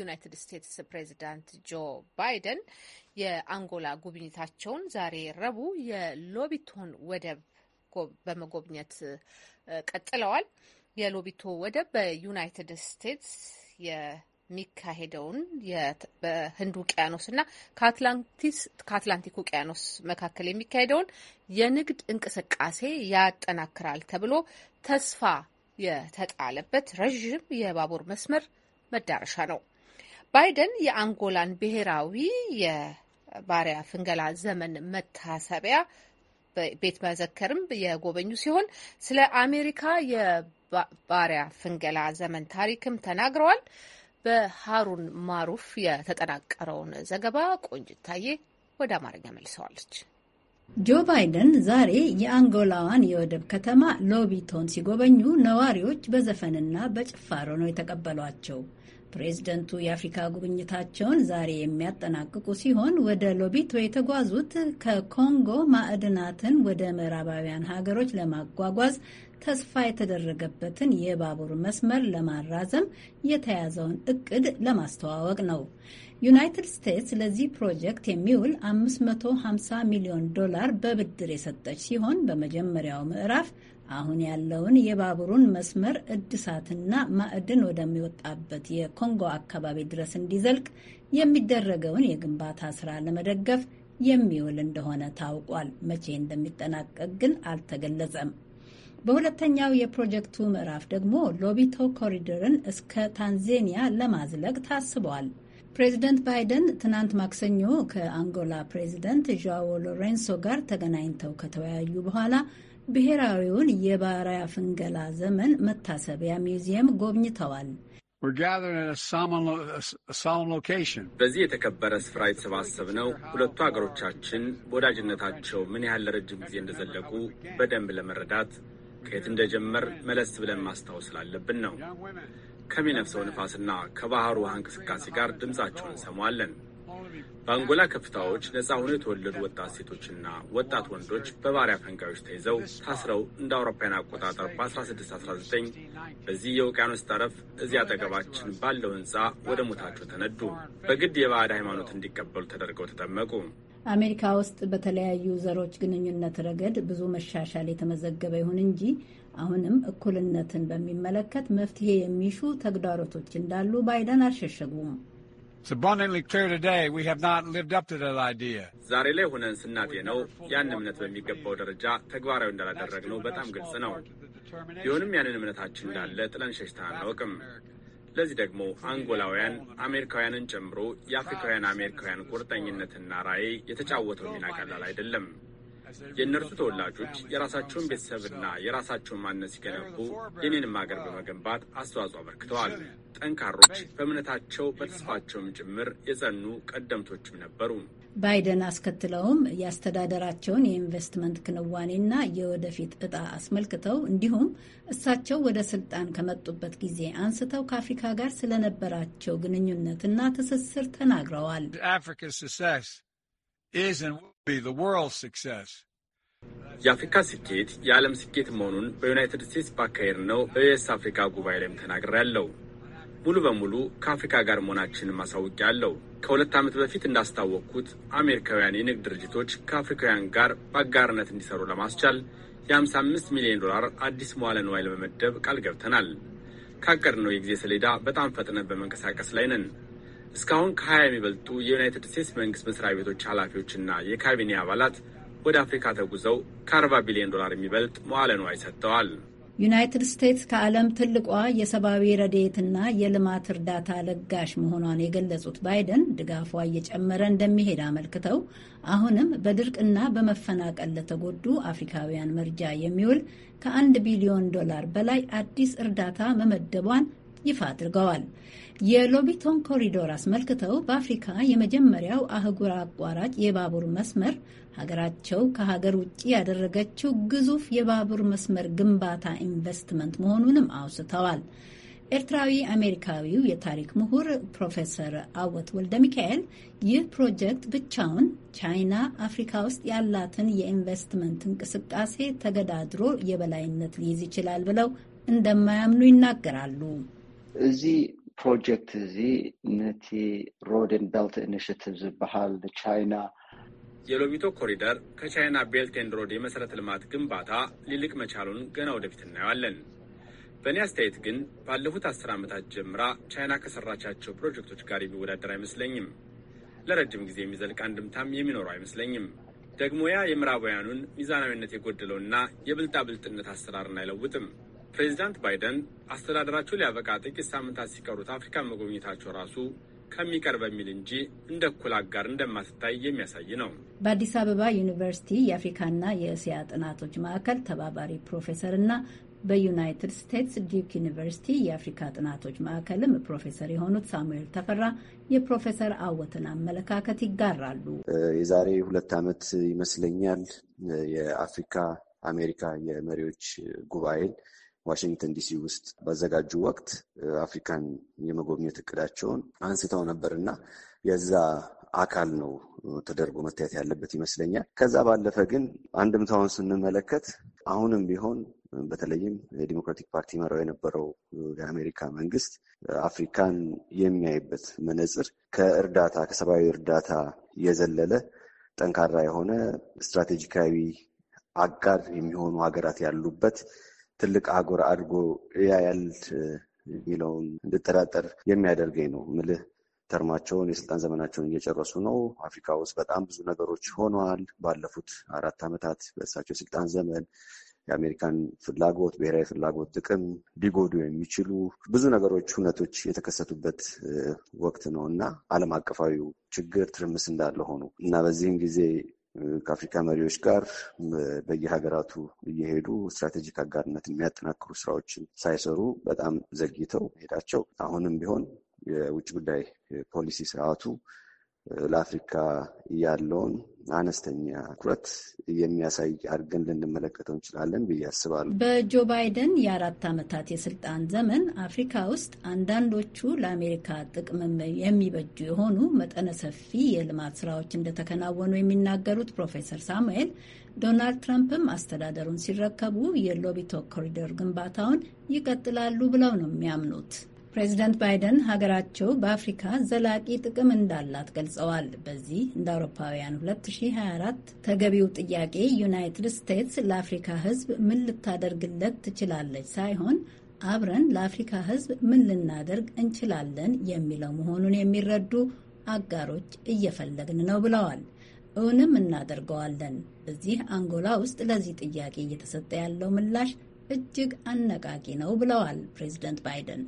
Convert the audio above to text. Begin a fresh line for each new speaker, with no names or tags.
ዩናይትድ ስቴትስ ፕሬዚዳንት ጆ ባይደን የአንጎላ ጉብኝታቸውን ዛሬ ረቡዕ የሎቢቶን ወደብ በመጎብኘት ቀጥለዋል። የሎቢቶ ወደብ በዩናይትድ ስቴትስ የሚካሄደውን በህንድ ውቅያኖስና ከአትላንቲክ ውቅያኖስ መካከል የሚካሄደውን የንግድ እንቅስቃሴ ያጠናክራል ተብሎ ተስፋ የተጣለበት ረዥም የባቡር መስመር መዳረሻ ነው። ባይደን የአንጎላን ብሔራዊ የባሪያ ፍንገላ ዘመን መታሰቢያ ቤት መዘከርም የጎበኙ ሲሆን ስለ አሜሪካ የባሪያ ፍንገላ ዘመን ታሪክም ተናግረዋል። በሀሩን ማሩፍ የተጠናቀረውን ዘገባ ቆንጅታዬ ወደ አማርኛ መልሰዋለች። ጆ ባይደን ዛሬ የአንጎላዋን የወደብ ከተማ ሎቢቶን ሲጎበኙ ነዋሪዎች በዘፈንና በጭፋሮ ነው የተቀበሏቸው። ፕሬዝደንቱ የአፍሪካ ጉብኝታቸውን ዛሬ የሚያጠናቅቁ ሲሆን ወደ ሎቢቶ የተጓዙት ከኮንጎ ማዕድናትን ወደ ምዕራባውያን ሀገሮች ለማጓጓዝ ተስፋ የተደረገበትን የባቡር መስመር ለማራዘም የተያዘውን እቅድ ለማስተዋወቅ ነው። ዩናይትድ ስቴትስ ለዚህ ፕሮጀክት የሚውል 550 ሚሊዮን ዶላር በብድር የሰጠች ሲሆን በመጀመሪያው ምዕራፍ አሁን ያለውን የባቡሩን መስመር እድሳትና ማዕድን ወደሚወጣበት የኮንጎ አካባቢ ድረስ እንዲዘልቅ የሚደረገውን የግንባታ ስራ ለመደገፍ የሚውል እንደሆነ ታውቋል። መቼ እንደሚጠናቀቅ ግን አልተገለጸም። በሁለተኛው የፕሮጀክቱ ምዕራፍ ደግሞ ሎቢቶ ኮሪደርን እስከ ታንዜኒያ ለማዝለቅ ታስቧል። ፕሬዚደንት ባይደን ትናንት ማክሰኞ ከአንጎላ ፕሬዚደንት ዣዎ ሎሬንሶ ጋር ተገናኝተው ከተወያዩ በኋላ ብሔራዊውን የባሪያ ፍንገላ ዘመን መታሰቢያ ሚዚየም ጎብኝተዋል።
በዚህ የተከበረ ስፍራ ነው። ሁለቱ ሀገሮቻችን በወዳጅነታቸው ምን ያህል ለረጅም ጊዜ እንደዘለቁ በደንብ ለመረዳት ከየት እንደጀመር መለስ ብለን ማስታወስ ስላለብን ነው። ከሚነፍሰው ንፋስና ከባህሩ ውሃ እንቅስቃሴ ጋር ድምፃቸውን እንሰማዋለን። በአንጎላ ከፍታዎች ነፃ ሆነው የተወለዱ ወጣት ሴቶችና ወጣት ወንዶች በባሪያ ፈንጋዮች ተይዘው ታስረው እንደ አውሮፓውያን አቆጣጠር በ1619 በዚህ የውቅያኖስ ጠረፍ እዚህ አጠገባችን ባለው ህንፃ ወደ ሞታቸው ተነዱ። በግድ የባዕድ ሃይማኖት እንዲቀበሉ ተደርገው ተጠመቁ።
አሜሪካ ውስጥ በተለያዩ ዘሮች ግንኙነት ረገድ ብዙ መሻሻል የተመዘገበ ይሁን እንጂ አሁንም እኩልነትን በሚመለከት መፍትሄ የሚሹ ተግዳሮቶች እንዳሉ ባይደን አልሸሸጉም።
ዛሬ ላይ ሆነን ስናጤ ነው ያን እምነት በሚገባው ደረጃ ተግባራዊ እንዳላደረግነው በጣም ግልጽ ነው። ቢሆንም ያንን እምነታችን እንዳለ ጥለን ሸሽታ አናውቅም። ለዚህ ደግሞ አንጎላውያን አሜሪካውያንን ጨምሮ የአፍሪካውያን አሜሪካውያን ቁርጠኝነትና ራዕይ የተጫወተው ሚና ቀላል አይደለም። የእነርሱ ተወላጆች የራሳቸውን ቤተሰብና የራሳቸውን ማንነት ሲገነቡ የኔንም አገር በመገንባት አስተዋጽኦ አበርክተዋል። ጠንካሮች፣ በእምነታቸው በተስፋቸውም ጭምር የጸኑ ቀደምቶችም ነበሩ።
ባይደን አስከትለውም የአስተዳደራቸውን የኢንቨስትመንት ክንዋኔና የወደፊት እጣ አስመልክተው እንዲሁም እሳቸው ወደ ስልጣን ከመጡበት ጊዜ አንስተው ከአፍሪካ ጋር ስለነበራቸው ግንኙነትና ትስስር ተናግረዋል።
የአፍሪካ ስኬት የዓለም ስኬት መሆኑን በዩናይትድ ስቴትስ ባካሄድ ነው በዩኤስ አፍሪካ ጉባኤ ላይም ያለው ሙሉ በሙሉ ከአፍሪካ ጋር መሆናችንን ያለው ከሁለት ዓመት በፊት እንዳስታወቅኩት አሜሪካውያን የንግድ ድርጅቶች ከአፍሪካውያን ጋር በአጋርነት እንዲሰሩ ለማስቻል የ55 ሚሊዮን ዶላር አዲስ መዋለ ንዋይ ለመመደብ ቃል ገብተናል። ካቀድነው የጊዜ ሰሌዳ በጣም ፈጥነት በመንቀሳቀስ ላይ ነን። እስካሁን ከሀያ የሚበልጡ የዩናይትድ ስቴትስ መንግስት መስሪያ ቤቶች ኃላፊዎችና የካቢኔ አባላት ወደ አፍሪካ ተጉዘው ከ40 ቢሊዮን ዶላር የሚበልጥ መዋለ ንዋይ ሰጥተዋል።
ዩናይትድ ስቴትስ ከዓለም ትልቋ የሰብአዊ ረድኤትና የልማት እርዳታ ለጋሽ መሆኗን የገለጹት ባይደን ድጋፏ እየጨመረ እንደሚሄድ አመልክተው አሁንም በድርቅና በመፈናቀል ለተጎዱ አፍሪካውያን መርጃ የሚውል ከአንድ ቢሊዮን ዶላር በላይ አዲስ እርዳታ መመደቧን ይፋ አድርገዋል። የሎቢቶን ኮሪዶር አስመልክተው በአፍሪካ የመጀመሪያው አህጉር አቋራጭ የባቡር መስመር ሀገራቸው ከሀገር ውጭ ያደረገችው ግዙፍ የባቡር መስመር ግንባታ ኢንቨስትመንት መሆኑንም አውስተዋል። ኤርትራዊ አሜሪካዊው የታሪክ ምሁር ፕሮፌሰር አወት ወልደ ሚካኤል ይህ ፕሮጀክት ብቻውን ቻይና አፍሪካ ውስጥ ያላትን የኢንቨስትመንት እንቅስቃሴ ተገዳድሮ የበላይነት ሊይዝ ይችላል ብለው እንደማያምኑ ይናገራሉ።
እዚ ፕሮጀክት እዚ ነቲ ሮድን ቤልት ኢኒሽቲቭ ዝበሃል ቻይና
የሎቢቶ ኮሪደር ከቻይና ቤልቴንድ ሮድ የመሠረተ ልማት ግንባታ ሊልቅ መቻሉን ገና ወደፊት እናየዋለን። በእኔ አስተያየት ግን ባለፉት አስር ዓመታት ጀምራ ቻይና ከሠራቻቸው ፕሮጀክቶች ጋር የሚወዳደር አይመስለኝም። ለረጅም ጊዜ የሚዘልቅ አንድምታም የሚኖረው አይመስለኝም። ደግሞ ያ የምዕራባውያኑን ሚዛናዊነት የጎደለውና የብልጣብልጥነት አሰራርን አይለውጥም። ፕሬዚዳንት ባይደን አስተዳደራቸው ሊያበቃ ጥቂት ሳምንታት ሲቀሩት አፍሪካ መጎብኘታቸው ራሱ ከሚቀር በሚል እንጂ እንደ እኩል አጋር እንደማትታይ የሚያሳይ ነው።
በአዲስ አበባ ዩኒቨርሲቲ የአፍሪካና የእስያ ጥናቶች ማዕከል ተባባሪ ፕሮፌሰር እና በዩናይትድ ስቴትስ ዲዩክ ዩኒቨርሲቲ የአፍሪካ ጥናቶች ማዕከልም ፕሮፌሰር የሆኑት ሳሙኤል ተፈራ የፕሮፌሰር አወትን አመለካከት ይጋራሉ።
የዛሬ ሁለት ዓመት ይመስለኛል የአፍሪካ አሜሪካ የመሪዎች ጉባኤን ዋሽንግተን ዲሲ ውስጥ ባዘጋጁ ወቅት አፍሪካን የመጎብኘት እቅዳቸውን አንስተው ነበር እና የዛ አካል ነው ተደርጎ መታየት ያለበት ይመስለኛል። ከዛ ባለፈ ግን አንድምታውን ስንመለከት አሁንም ቢሆን በተለይም የዲሞክራቲክ ፓርቲ መራው የነበረው የአሜሪካ መንግስት አፍሪካን የሚያይበት መነጽር ከእርዳታ ከሰብአዊ እርዳታ የዘለለ ጠንካራ የሆነ ስትራቴጂካዊ አጋር የሚሆኑ ሀገራት ያሉበት ትልቅ አህጉር አድርጎ ያያል የሚለውን እንድጠራጠር የሚያደርገኝ ነው ምልህ ተርማቸውን የስልጣን ዘመናቸውን እየጨረሱ ነው። አፍሪካ ውስጥ በጣም ብዙ ነገሮች ሆነዋል። ባለፉት አራት ዓመታት በእሳቸው የስልጣን ዘመን የአሜሪካን ፍላጎት፣ ብሔራዊ ፍላጎት፣ ጥቅም ሊጎዱ የሚችሉ ብዙ ነገሮች፣ እውነቶች የተከሰቱበት ወቅት ነው እና ዓለም አቀፋዊው ችግር ትርምስ እንዳለ ሆኑ እና በዚህም ጊዜ ከአፍሪካ መሪዎች ጋር በየሀገራቱ እየሄዱ ስትራቴጂክ አጋርነት የሚያጠናክሩ ስራዎችን ሳይሰሩ በጣም ዘግይተው መሄዳቸው አሁንም ቢሆን የውጭ ጉዳይ ፖሊሲ ስርዓቱ ለአፍሪካ ያለውን አነስተኛ ትኩረት የሚያሳይ አድርገን ልንመለከተው እንችላለን ብዬ አስባለሁ።
በጆ ባይደን የአራት ዓመታት የስልጣን ዘመን አፍሪካ ውስጥ አንዳንዶቹ ለአሜሪካ ጥቅምም የሚበጁ የሆኑ መጠነ ሰፊ የልማት ስራዎች እንደተከናወኑ የሚናገሩት ፕሮፌሰር ሳሙኤል ዶናልድ ትራምፕም አስተዳደሩን ሲረከቡ የሎቢቶ ኮሪደር ግንባታውን ይቀጥላሉ ብለው ነው የሚያምኑት። ፕሬዚደንት ባይደን ሀገራቸው በአፍሪካ ዘላቂ ጥቅም እንዳላት ገልጸዋል። በዚህ እንደ አውሮፓውያን 2024 ተገቢው ጥያቄ ዩናይትድ ስቴትስ ለአፍሪካ ሕዝብ ምን ልታደርግለት ትችላለች ሳይሆን አብረን ለአፍሪካ ሕዝብ ምን ልናደርግ እንችላለን የሚለው መሆኑን የሚረዱ አጋሮች እየፈለግን ነው ብለዋል። እውንም እናደርገዋለን። እዚህ አንጎላ ውስጥ ለዚህ ጥያቄ እየተሰጠ ያለው ምላሽ እጅግ አነቃቂ ነው ብለዋል ፕሬዚደንት ባይደን።